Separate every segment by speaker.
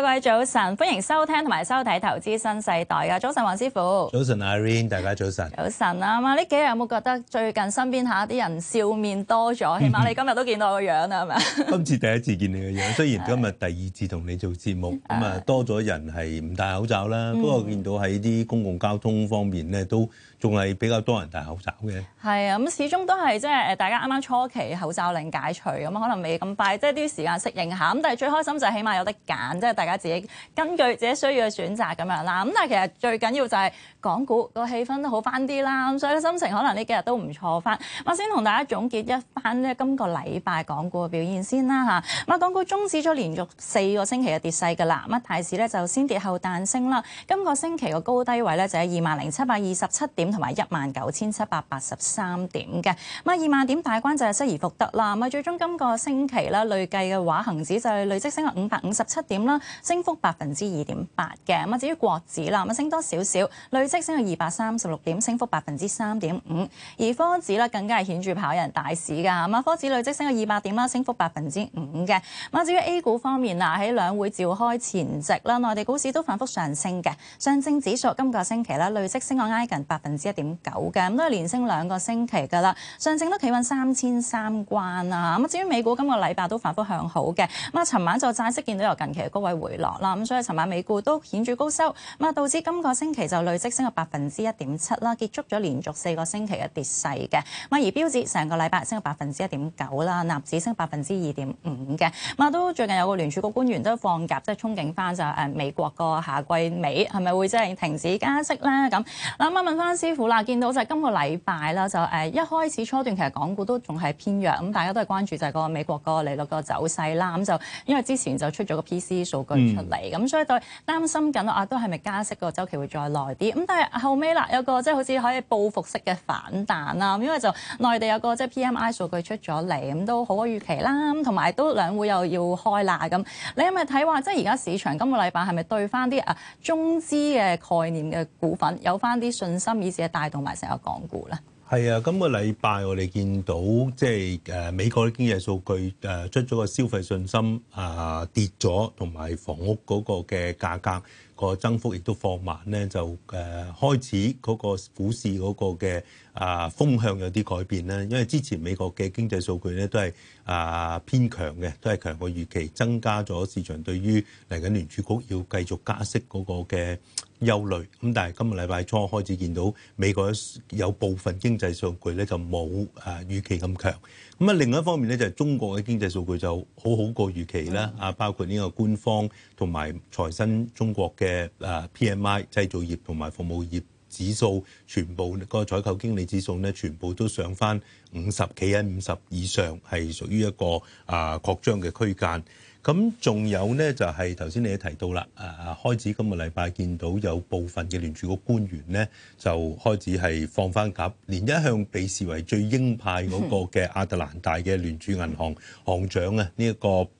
Speaker 1: 各位早晨，歡迎收聽同埋收睇《投資新世代》嘅早晨，黃師傅。
Speaker 2: 早晨，阿 Rain，大家早晨。早
Speaker 1: 晨啊嘛，呢、嗯、幾日有冇覺得最近身邊嚇啲人笑面多咗？起碼你今日都見到個樣啦，係 咪今
Speaker 2: 次第一次見你嘅樣，雖然今日第二次同你做節目，咁啊、嗯、多咗人係唔戴口罩啦。不過見到喺啲公共交通方面咧，都仲係比較多人戴口罩嘅。
Speaker 1: 係啊，咁、嗯、始終都係即係誒，大家啱啱初期口罩令解除咁可能未咁快，即係啲時間適應下。咁但係最開心就係起碼有得揀，即係大家自己根據自己需要嘅選擇咁樣啦，咁但係其實最緊要就係港股個氣氛都好翻啲啦，咁所以心情可能呢幾日都唔錯翻。我先同大家總結一翻呢，今個禮拜港股嘅表現先啦嚇。咁港股終止咗連續四個星期嘅跌勢㗎啦。咁啊，大市咧就先跌後彈升啦。今個星期個高低位咧就係二萬零七百二十七點同埋一萬九千七百八十三點嘅。咁啊，二萬點大關就係失而復得啦。咁啊，最終今個星期咧累計嘅話，恒指就係累積升咗五百五十七點啦。升幅百分之二點八嘅，咁啊，至於國指啦，咁升多少少，累積升到二百三十六點，升幅百分之三點五。而科指呢，更加係顯著跑人大市㗎，咁科指累積升到二百點啦，升幅百分之五嘅。咁至於 A 股方面啦，喺兩會召開前夕啦，內地股市都反覆上升嘅。上證指數今個星期啦，累積升到挨近百分之一點九嘅，咁都係連升兩個星期㗎啦。上證都企穩三千三關啦。咁至於美股今個禮拜都反覆向好嘅，咁啊，尋晚就債息見到由近期嘅高位回回落啦，咁所以尋晚美股都顯著高收，咁啊導致今個星期就累積升咗百分之一點七啦，結束咗連續四個星期嘅跌勢嘅。咁而標指成個禮拜升咗百分之一點九啦，納指升百分之二點五嘅。咁啊都最近有個聯儲局官員都放鴿，即係憧憬翻就誒美國個夏季尾係咪會即係停止加息咧？咁嗱咁啊問翻師傅啦，見到就係今個禮拜啦，就誒一開始初段其實港股都仲係偏弱，咁大家都係關注就係個美國個利率個走勢啦。咁就因為之前就出咗個 P.C. 數據。嗯、出嚟咁，所以都擔心緊啊，都係咪加息個周期會再耐啲？咁、嗯、但係後尾啦，有個即係、就是、好似可以報復式嘅反彈啦、嗯，因為就內地有個即係、就是、PMI 數據出咗嚟，咁、嗯、都好過預期啦。咁同埋都兩會又要開啦。咁、嗯、你係咪睇話，即係而家市場今個禮拜係咪對翻啲啊中資嘅概念嘅股份有翻啲信心，以致係帶動埋成個港股咧？
Speaker 2: 係啊，今個禮拜我哋見到即係誒美國嘅經濟數據誒出咗個消費信心啊跌咗，同埋房屋嗰個嘅價格，個增幅亦都放慢咧，就誒開始嗰個股市嗰個嘅啊風向有啲改變啦，因為之前美國嘅經濟數據咧都係啊偏強嘅，都係強過預期，增加咗市場對於嚟緊聯儲局要繼續加息嗰個嘅憂慮，咁但係今日禮拜初開始見到美國有部分經濟數據咧就冇啊預期咁強，咁啊另一方面咧就係中國嘅經濟數據就好好過預期啦。啊包括呢個官方同埋財新中國嘅。嘅 P.M.I 製造業同埋服務業指數，全部、個採購經理指數咧，全部都上翻五十幾蚊五十以上，係屬於一個啊擴張嘅區間。咁仲有咧就係頭先你都提到啦，誒、啊、開始今個禮拜見到有部分嘅聯儲局官員咧就開始係放翻鴿，連一向被視為最鷹派嗰個嘅亞特蘭大嘅聯儲銀行、嗯、行長、這個、啊呢一個誒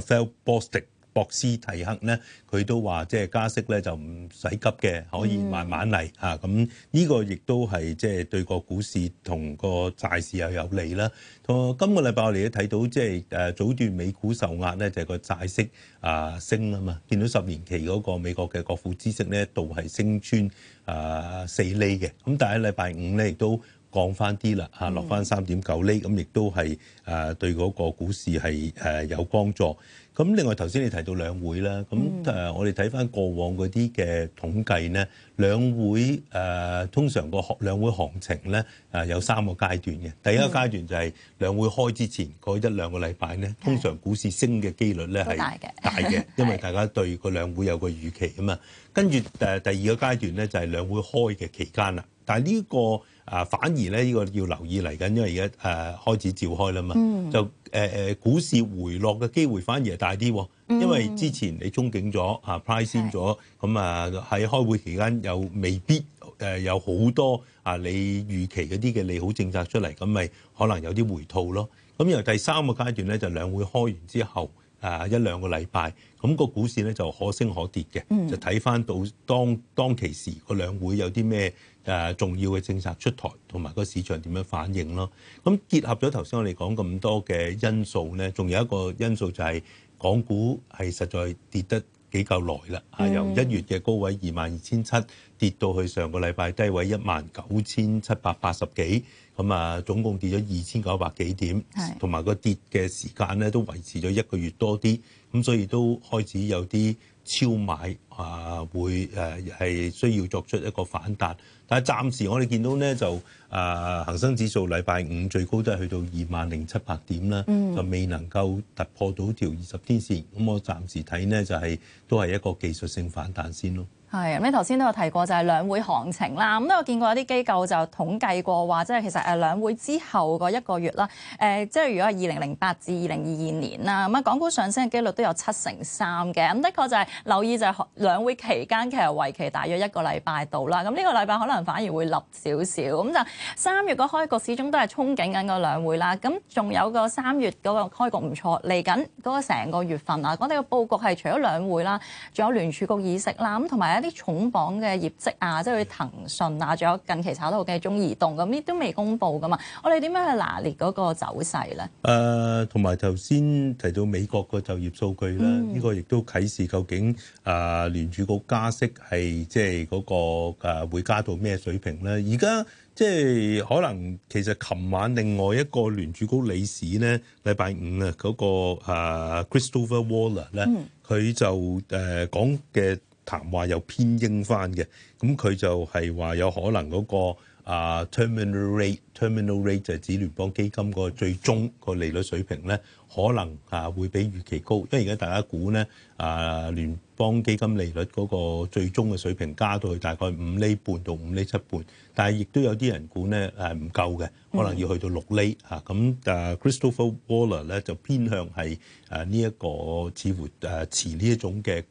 Speaker 2: Raphael Bostic。博斯提克咧，佢都話即係加息咧就唔使急嘅，可以慢慢嚟。咁呢個亦都係即係對個股市同個債市又有利啦。同今個禮拜我哋都睇到即係誒早段美股受壓咧，就係個債息啊升啊嘛，見到十年期嗰個美國嘅國庫債息咧度係升穿啊四厘嘅。咁但係喺禮拜五咧亦都，降翻啲啦，啊落翻三點九厘，咁、嗯、亦都係誒對嗰個股市係誒有幫助。咁另外頭先你提到兩會啦，咁誒我哋睇翻過往嗰啲嘅統計咧，兩會誒、啊、通常個學兩會行情咧誒有三個階段嘅。第一個階段就係兩會開之前嗰一、那個、兩個禮拜咧，通常股市升嘅機率咧係大嘅，大嘅，因為大家對個兩會有個預期啊嘛。跟住誒、啊、第二個階段咧就係兩會開嘅期間啦。但係、這、呢個啊反而咧，呢、這個要留意嚟緊，因為而家誒開始召開啦嘛，嗯、就誒誒、啊、股市回落嘅機會反而係大啲，因為之前你憧憬咗啊，price 升咗，咁啊喺開會期間又未必誒有好多啊，多你預期嗰啲嘅利好政策出嚟，咁咪可能有啲回吐咯。咁由第三個階段咧，就兩會開完之後啊，一兩個禮拜，咁、那個股市咧就可升可跌嘅、嗯，就睇翻到當當其時個兩會有啲咩。誒重要嘅政策出台同埋個市場點樣反應咯。咁結合咗頭先我哋講咁多嘅因素咧，仲有一個因素就係港股係實在跌得幾夠耐啦。啊，由一月嘅高位二萬二千七跌到去上個禮拜低位一萬九千七百八十幾，咁啊總共跌咗二千九百幾點，同埋個跌嘅時間咧都維持咗一個月多啲，咁所以都開始有啲。超買啊、呃，會係、呃、需要作出一個反彈，但係暫時我哋見到咧就、呃、恒生指數禮拜五最高都係去到二萬零七百點啦、嗯，就未能夠突破到條二十天線，咁我暫時睇呢，就係、係、都係一個技術性反彈先咯。
Speaker 1: 咁、哎、你頭先都有提過就係兩會行情啦，咁都有見過有啲機構就統計過話，即、就、係、是、其實誒兩會之後嗰一個月啦，即、呃、係、就是、如果係二零零八至二零二二年啦，咁啊港股上升嘅機率都有七成三嘅，咁的確就係、是、留意就係兩會期間其實為期大約一個禮拜到啦，咁呢個禮拜可能反而會立少少，咁就三月個開局始終都係憧憬緊個兩會啦，咁仲有個三月嗰個開局唔錯，嚟緊嗰個成個月份啊，我哋個佈局係除咗兩會啦，仲有聯儲局議息啦，咁同埋一啲。啲重磅嘅業績啊，即係騰訊啊，仲有近期炒到嘅中移動咁，呢都未公布噶嘛。我哋點樣去拿捏嗰個走勢咧？誒、
Speaker 2: 呃，同埋頭先提到美國個就業數據咧，呢、嗯呢個亦都啟示究竟誒、呃、聯儲局加息係即係嗰個誒、呃、會加到咩水平咧？而家即係可能其實琴晚另外一個聯儲局理事咧，禮拜五啊、嗰個，嗰、呃、個 Christopher Waller 咧，佢、嗯、就誒、呃、講嘅。談話又偏鷹返嘅，咁佢就係話有可能嗰個啊 terminal rate。Terminal rate 就係指聯邦基金個最終個利率水平咧，可能嚇會比預期高，因為而家大家估咧啊聯邦基金利率嗰個最終嘅水平加到去大概五厘半到五厘七半，但係亦都有啲人估咧誒唔夠嘅，可能要去到六厘。咁 Christopher Waller 咧就偏向係誒呢一個似乎誒持呢一種嘅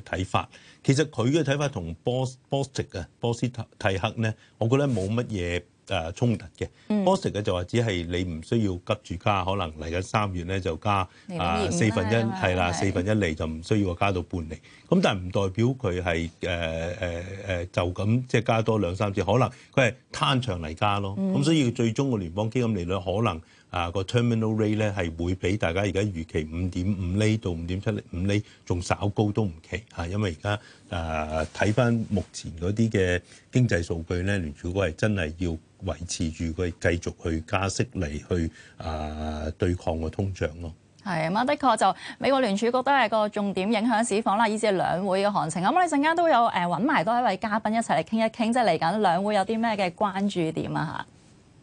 Speaker 2: 睇法。其實佢嘅睇法同 Bos Bostic 啊波斯蒂克咧，我覺得冇乜嘢。誒、啊、衝突嘅 positive 就話只係你唔需要急住加，可能嚟緊三月咧就加啊四分一，係啦四分一厘就唔需要話加到半厘。咁但係唔代表佢係誒誒誒就咁即係加多兩三次，可能佢係攤長嚟加咯。咁、嗯、所以最終個聯邦基金利率可能啊個 terminal rate 咧係會比大家而家預期五點五厘到五點七厘，五厘仲稍高都唔奇嚇、啊，因為而家啊睇翻目前嗰啲嘅。經濟數據咧，聯儲局係真係要維持住佢繼續去加息嚟去啊、呃、對抗個通脹咯。
Speaker 1: 係啊，咁的確就美國聯儲局都係個重點影響市況啦，以至係兩會嘅行情。咁我哋陣間都有誒揾埋多一位嘉賓一齊嚟傾一傾，即係嚟緊兩會有啲咩嘅關注點啊嚇。